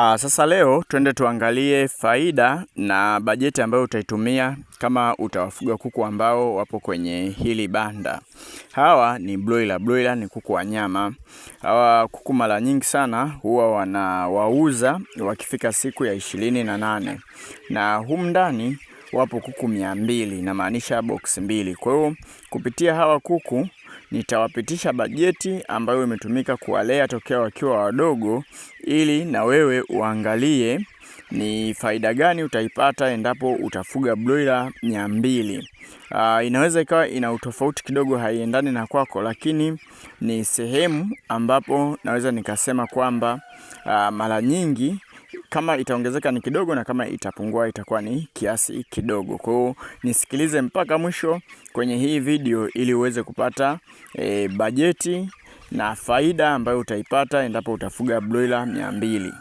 Aa, ah, sasa leo twende tuangalie faida na bajeti ambayo utaitumia kama utawafuga kuku ambao wapo kwenye hili banda. Hawa ni broiler. Broiler ni kuku wa nyama. Hawa kuku mara nyingi sana huwa wanawauza wakifika siku ya ishirini na nane na humu ndani wapo kuku mia mbili, maanisha box mbili. Kwa hiyo kupitia hawa kuku nitawapitisha bajeti ambayo imetumika kuwalea tokea wakiwa wadogo, ili na wewe uangalie ni faida gani utaipata endapo utafuga broiler mia mbili. Uh, inaweza ikawa ina utofauti kidogo, haiendani na kwako, lakini ni sehemu ambapo naweza nikasema kwamba uh, mara nyingi kama itaongezeka ni kidogo, na kama itapungua itakuwa ni kiasi kidogo. Kwa hiyo nisikilize mpaka mwisho kwenye hii video ili uweze kupata e, bajeti na faida ambayo utaipata endapo utafuga broiler mia mbili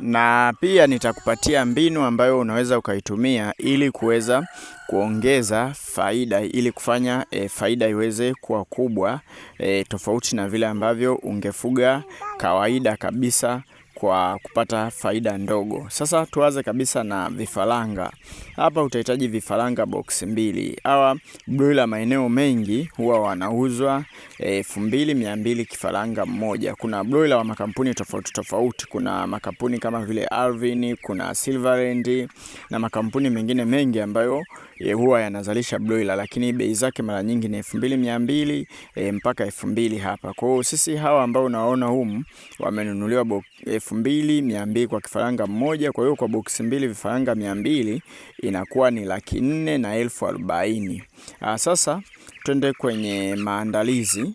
na pia nitakupatia mbinu ambayo unaweza ukaitumia ili kuweza kuongeza faida ili kufanya e, faida iweze kuwa kubwa e, tofauti na vile ambavyo ungefuga kawaida kabisa kwa kupata faida ndogo. Sasa tuanze kabisa na vifaranga. Hapa utahitaji vifaranga box mbili. Hawa broiler maeneo mengi huwa wanauzwa elfu mbili mia mbili kifaranga mmoja. Kuna broiler wa makampuni tofauti tofauti, kuna makampuni kama vile Alvin, kuna Silverland na makampuni mengine mengi ambayo e, huwa yanazalisha broiler, lakini bei zake mara nyingi ni elfu mbili mia mbili e, mpaka elfu mbili hapa. Kwa hiyo sisi hawa ambao unaona humu wamenunuliwa elfu mbili mia mbili kwa kifaranga mmoja. Kwa hiyo kwa boksi mbili vifaranga mia mbili inakuwa ni laki nne na elfu arobaini. Ah, sasa twende kwenye maandalizi.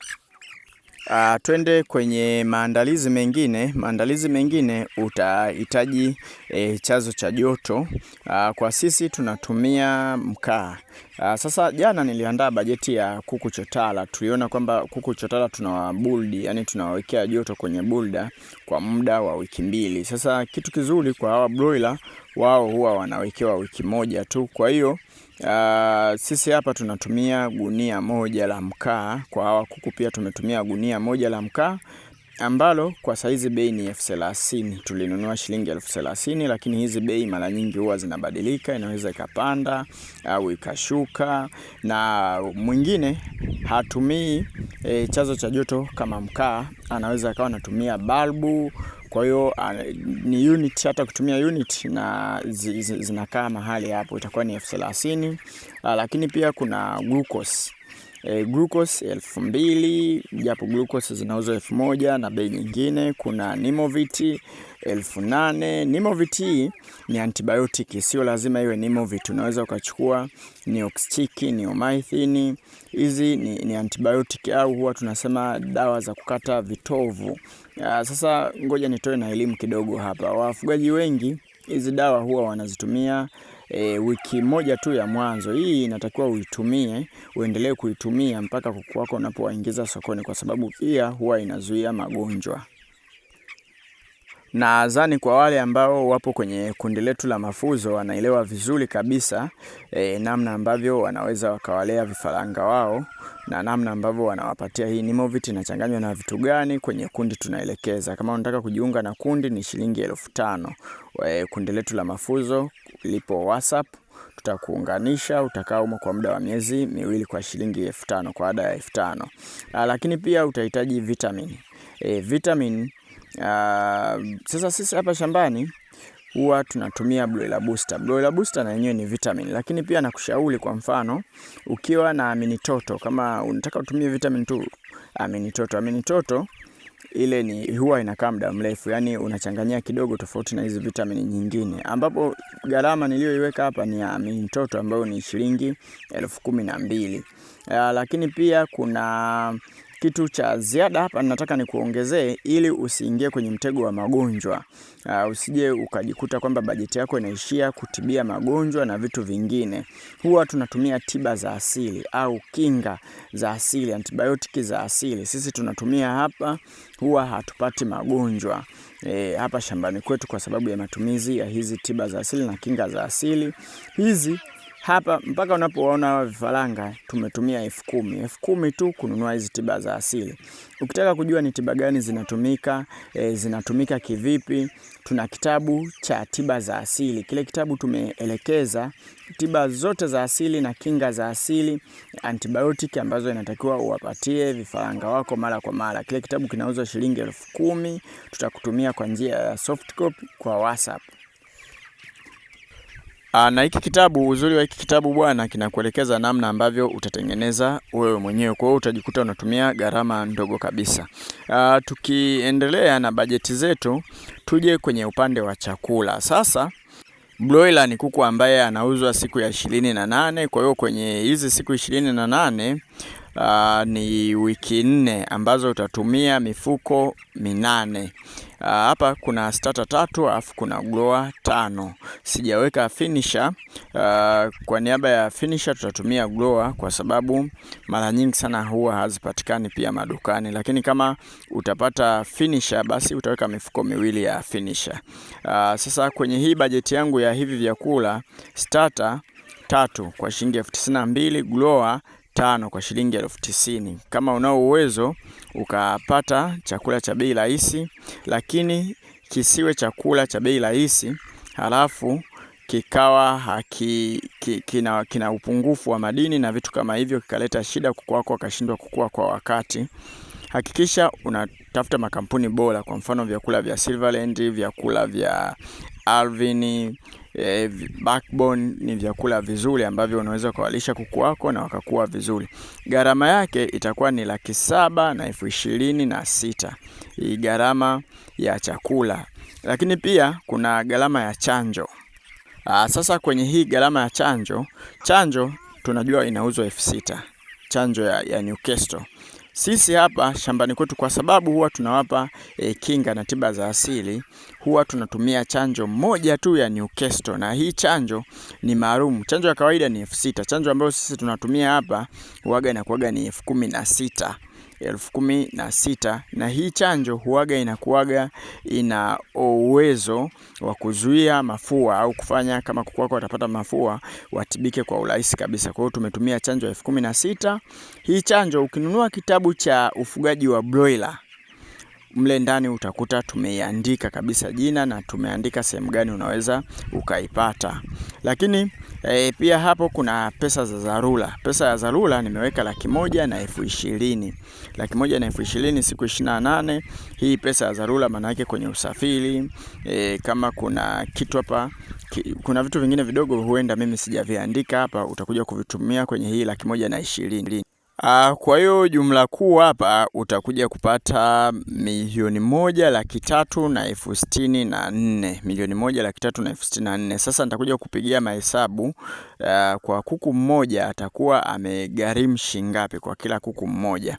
Uh, twende kwenye maandalizi mengine. Maandalizi mengine utahitaji e, eh, chazo cha joto. Uh, kwa sisi tunatumia mkaa. Uh, sasa jana niliandaa bajeti ya kuku chotara. Tuliona kwamba kuku chotara tunawabuldi, yani tunawawekea joto kwenye bulda kwa muda wa wiki mbili. Sasa kitu kizuri kwa hawa broiler, wao huwa wanawekewa wiki moja tu, kwa hiyo Uh, sisi hapa tunatumia gunia moja la mkaa kwa hawa kuku pia tumetumia gunia moja la mkaa ambalo kwa saizi bei ni elfu thelathini. Tulinunua shilingi elfu thelathini, lakini hizi bei mara nyingi huwa zinabadilika, inaweza ikapanda au ikashuka. Na mwingine hatumii e, eh, chazo cha joto kama mkaa, anaweza akawa anatumia balbu kwa hiyo ah, ni unit, hata kutumia unit na zi, zi, zinakaa mahali hapo, itakuwa ni elfu thelathini. Ah, lakini pia kuna glucose E, glucose elfu mbili japo glucose zinauzwa elfu moja na bei nyingine. Kuna Nimovit elfu nane. Nimovit e ni antibiotic, sio lazima iwe Nimovit, unaweza ukachukua Neoxtic, Neomycin. Hizi ni, ni antibiotic au huwa tunasema dawa za kukata vitovu. Ah, sasa ngoja nitoe na elimu kidogo hapa. Wafugaji wengi hizi dawa huwa wanazitumia E, wiki moja tu ya mwanzo hii inatakiwa uitumie, uendelee kuitumia mpaka kuku wako unapowaingiza sokoni, kwa sababu pia huwa inazuia magonjwa. Nadhani kwa wale ambao wapo kwenye kundi letu la mafuzo wanaelewa vizuri kabisa e, namna ambavyo wanaweza wakawalea vifaranga wao na namna ambavyo wanawapatia hii Nimovit inachanganywa na vitu gani kwenye kundi tunaelekeza. Kama unataka kujiunga na kundi ni shilingi elfu tano. E, kundi letu la mafuzo lipo WhatsApp tutakuunganisha utakaa umo kwa muda wa miezi miwili kwa shilingi elfu tano kwa ada ya elfu tano. Lakini pia utahitaji vitamin. E, vitamin sasa sisi hapa shambani huwa tunatumia broiler booster. Broiler booster na yenyewe ni vitamin, lakini pia nakushauri kwa mfano ukiwa na aminitoto, kama unataka utumie vitamin tu aminitoto. Aminitoto ile ni huwa inakaa muda mrefu, yani unachanganyia kidogo, tofauti na hizi vitamini nyingine, ambapo gharama niliyoiweka hapa ni ya aminitoto ambayo ni shilingi elfu kumi na mbili. Lakini pia kuna kitu cha ziada hapa nataka nikuongezee, ili usiingie kwenye mtego wa magonjwa. Uh, usije ukajikuta kwamba bajeti yako inaishia kutibia magonjwa na vitu vingine. Huwa tunatumia tiba za asili au kinga za asili, antibiotiki za asili. Sisi tunatumia hapa, huwa hatupati magonjwa e, hapa shambani kwetu, kwa sababu ya matumizi ya hizi tiba za asili na kinga za asili hizi hapa mpaka unapowaona vifaranga tumetumia elfu kumi elfu kumi tu kununua hizi tiba za asili. Ukitaka kujua ni tiba gani zinatumika e, zinatumika kivipi, tuna kitabu cha tiba za asili. Kile kitabu tumeelekeza tiba zote za asili na kinga za asili, antibiotiki ambazo inatakiwa uwapatie vifaranga wako mara kwa mara. Kile kitabu kinauzwa shilingi elfu kumi. Tutakutumia kwa njia ya soft copy kwa WhatsApp. Ah, na hiki kitabu, uzuri wa hiki kitabu bwana, kinakuelekeza namna ambavyo utatengeneza wewe mwenyewe. Kwa hiyo utajikuta unatumia gharama ndogo kabisa. Aa, ah, tukiendelea na bajeti zetu, tuje kwenye upande wa chakula sasa. Broiler ni kuku ambaye anauzwa siku ya ishirini na nane. Kwa hiyo kwenye hizi siku ishirini na nane uh, ni wiki nne ambazo utatumia mifuko minane. Uh, hapa kuna starter tatu alafu kuna grower tano. Sijaweka finisher. Uh, kwa niaba ya finisher tutatumia grower kwa sababu mara nyingi sana huwa hazipatikani pia madukani, lakini kama utapata finisher basi utaweka mifuko miwili ya finisher. Uh, sasa kwenye hii bajeti yangu ya hivi vyakula starter tatu kwa shilingi elfu tisini na mbili grower tano kwa shilingi elfu tisini. Kama unao uwezo ukapata chakula cha bei rahisi, lakini kisiwe chakula cha bei rahisi halafu kikawa haki, kina, kina upungufu wa madini na vitu kama hivyo, kikaleta shida kuku wako akashindwa kukua kwa wakati. Hakikisha unatafuta makampuni bora, kwa mfano vyakula vya Silverland, vyakula vya Alvin e, backbone ni vyakula vizuri ambavyo unaweza ukawalisha kuku wako na wakakuwa vizuri. Gharama yake itakuwa ni laki saba na elfu ishirini na sita hii gharama ya chakula, lakini pia kuna gharama ya chanjo. Aa, ah, sasa kwenye hii gharama ya chanjo, chanjo tunajua inauzwa elfu sita chanjo ya, ya Newcastle sisi hapa shambani kwetu, kwa sababu huwa tunawapa e, kinga na tiba za asili, huwa tunatumia chanjo moja tu ya Newcastle, na hii chanjo ni maalum. Chanjo ya kawaida ni elfu sita. Chanjo ambayo sisi tunatumia hapa huaga na kuaga ni elfu kumi na sita elfu kumi na sita na hii chanjo huaga inakuaga ina uwezo wa kuzuia mafua au kufanya kama kuku wako watapata mafua watibike kwa urahisi kabisa. Kwa hiyo tumetumia chanjo elfu kumi na sita. Hii chanjo ukinunua kitabu cha ufugaji wa broiler mle ndani utakuta tumeiandika kabisa jina na tumeandika sehemu gani unaweza ukaipata, lakini E, pia hapo kuna pesa za dharura. Pesa ya dharura nimeweka laki moja na elfu ishirini laki moja na elfu ishirini siku ishirini na nane. Hii pesa ya dharura maana yake kwenye usafiri e, kama kuna kitu hapa ki, kuna vitu vingine vidogo huenda mimi sijaviandika hapa, utakuja kuvitumia kwenye hii laki moja na ishirini. Ah, kwa hiyo jumla kuu hapa utakuja kupata milioni moja laki tatu na elfu sitini na nne milioni moja laki tatu na elfu sitini na nne Sasa nitakuja kupigia mahesabu ah, kwa kuku mmoja atakuwa amegharimu shingapi ngapi kwa kila kuku mmoja.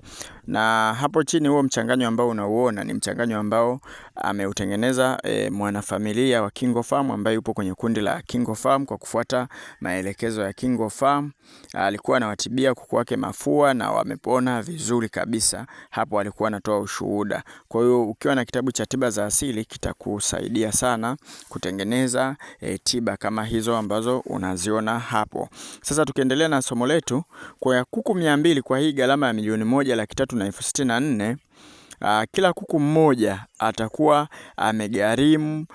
Na hapo chini huo mchanganyo ambao unauona ni mchanganyo ambao ameutengeneza e, mwanafamilia wa Kingo Farm ambaye yupo kwenye kundi la Kingo Farm kwa kufuata maelekezo ya Kingo Farm. Alikuwa anawatibia kuku wake mafua na wamepona vizuri kabisa. Hapo alikuwa anatoa ushuhuda. Kwa hiyo ukiwa na kitabu cha tiba za asili kitakusaidia sana kutengeneza e, tiba kama hizo ambazo unaziona hapo. Sasa tukiendelea na somo letu kwa kuku 200 kwa hii gharama ya milioni moja laki tatu na elfu sitini na nne ah, kila kuku mmoja atakuwa amegharimu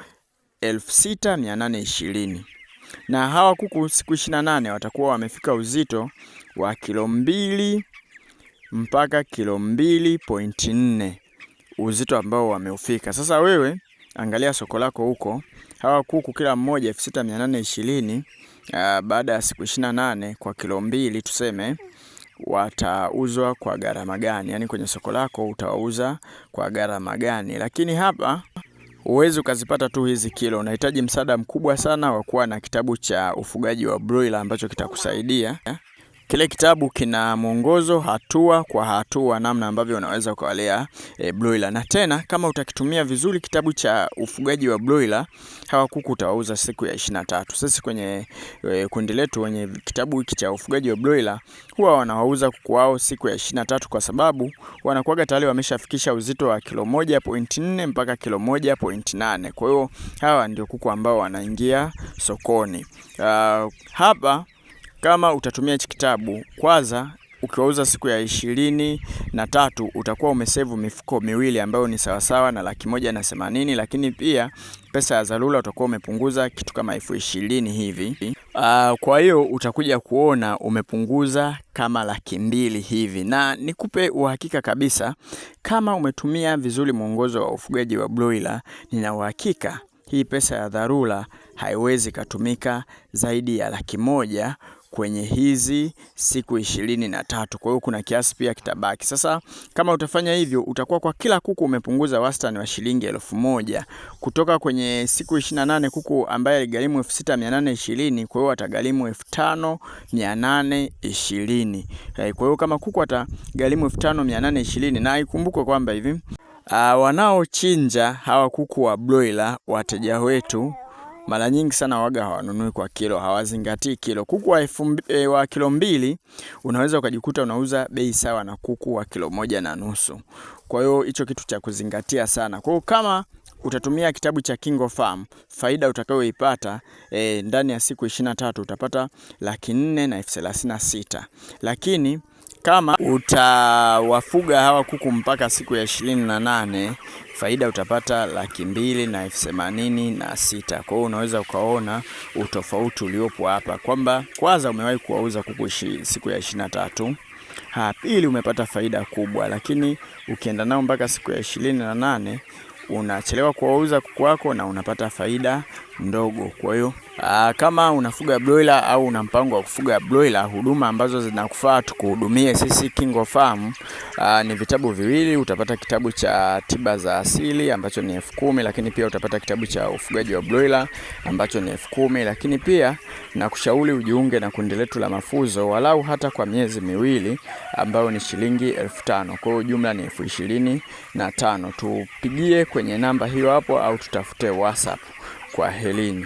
elfu sita mia nane ishirini na hawa kuku siku ishirini na nane watakuwa wamefika uzito wa kilo mbili mpaka kilo mbili pointi nne uzito ambao wameufika. Sasa wewe angalia soko lako huko, hawa kuku kila mmoja elfu sita mia nane ishirini ah, baada ya siku ishirini na nane kwa kilo mbili tuseme watauzwa kwa gharama gani, yaani kwenye soko lako utawauza kwa gharama gani. Lakini hapa huwezi ukazipata tu hizi kilo, unahitaji msaada mkubwa sana wa kuwa na kitabu cha ufugaji wa broiler ambacho kitakusaidia Kile kitabu kina mwongozo hatua kwa hatua, namna ambavyo unaweza ukawalea e, broiler. Na tena kama utakitumia vizuri kitabu cha ufugaji wa broiler, hawa kuku utawauza siku ya 23. Sisi kwenye e, kundi letu wenye kitabu hiki cha ufugaji wa broiler huwa wanawauza kuku wao siku ya 23 kwa sababu wanakuwaga tayari wameshafikisha uzito wa kilo 1.4 mpaka kilo 1.8. Kwa hiyo hawa ndio kuku ambao wanaingia sokoni. Uh, hapa kama utatumia hichi kitabu kwanza, ukiwauza siku ya ishirini na tatu utakuwa umesevu mifuko miwili ambayo ni sawasawa na laki moja na themanini, lakini pia pesa ya dharura utakuwa umepunguza kitu kama elfu ishirini hivi. Uh, kwa hiyo utakuja kuona umepunguza kama laki mbili hivi, na nikupe uhakika kabisa, kama umetumia vizuri mwongozo wa ufugaji wa broiler, nina uhakika hii pesa ya dharura haiwezi katumika zaidi ya laki moja kwenye hizi siku ishirini na tatu. Kwa hiyo kuna kiasi pia kitabaki. Sasa kama utafanya hivyo, utakuwa kwa kila kuku umepunguza wastani wa shilingi elfu moja kutoka kwenye siku ishirini na nane kuku ambaye aligharimu elfu sita mia nane ishirini kwa hiyo atagharimu elfu tano mia nane ishirini eh, Kwa hiyo kama kuku atagharimu elfu tano mia nane ishirini na ikumbukwe kwamba hivi Uh, wanaochinja hawa kuku wa broiler wateja wetu mara nyingi sana waga hawanunui kwa kilo, hawazingatii kilo. Kuku wa, e, wa kilo mbili unaweza ukajikuta unauza bei sawa na kuku wa kilo moja na nusu. Kwa hiyo hicho kitu cha kuzingatia sana. Kwa hiyo kama utatumia kitabu cha Kingo Farm, faida utakayoipata e, ndani ya siku 23 utapata laki nne na elfu thelathini na sita lakini kama utawafuga hawa kuku mpaka siku ya ishirini na nane faida utapata laki mbili na elfu themanini na sita. Kwa hiyo unaweza ukaona utofauti uliopo hapa kwamba kwanza umewahi kuwauza kuku siku ya ishirini na tatu pili umepata faida kubwa, lakini ukienda nao mpaka siku ya ishirini na nane unachelewa kuwauza kuku wako na unapata faida ndogo. Kwa hiyo ah, kama unafuga broiler au una mpango wa kufuga broiler, huduma ambazo zinakufaa tukuhudumie sisi Kingo Farm ah, ni vitabu viwili. Utapata kitabu cha tiba za asili ambacho ni elfu kumi, lakini pia utapata kitabu cha ufugaji wa broiler ambacho ni elfu kumi, lakini pia nakushauri ujiunge na kundi letu la mafuzo walau hata kwa miezi miwili ambayo ni shilingi elfu tano. Kwa hiyo jumla ni elfu ishirini na tano. Tupigie kwenye namba hiyo hapo au tutafute WhatsApp. 怪黑林。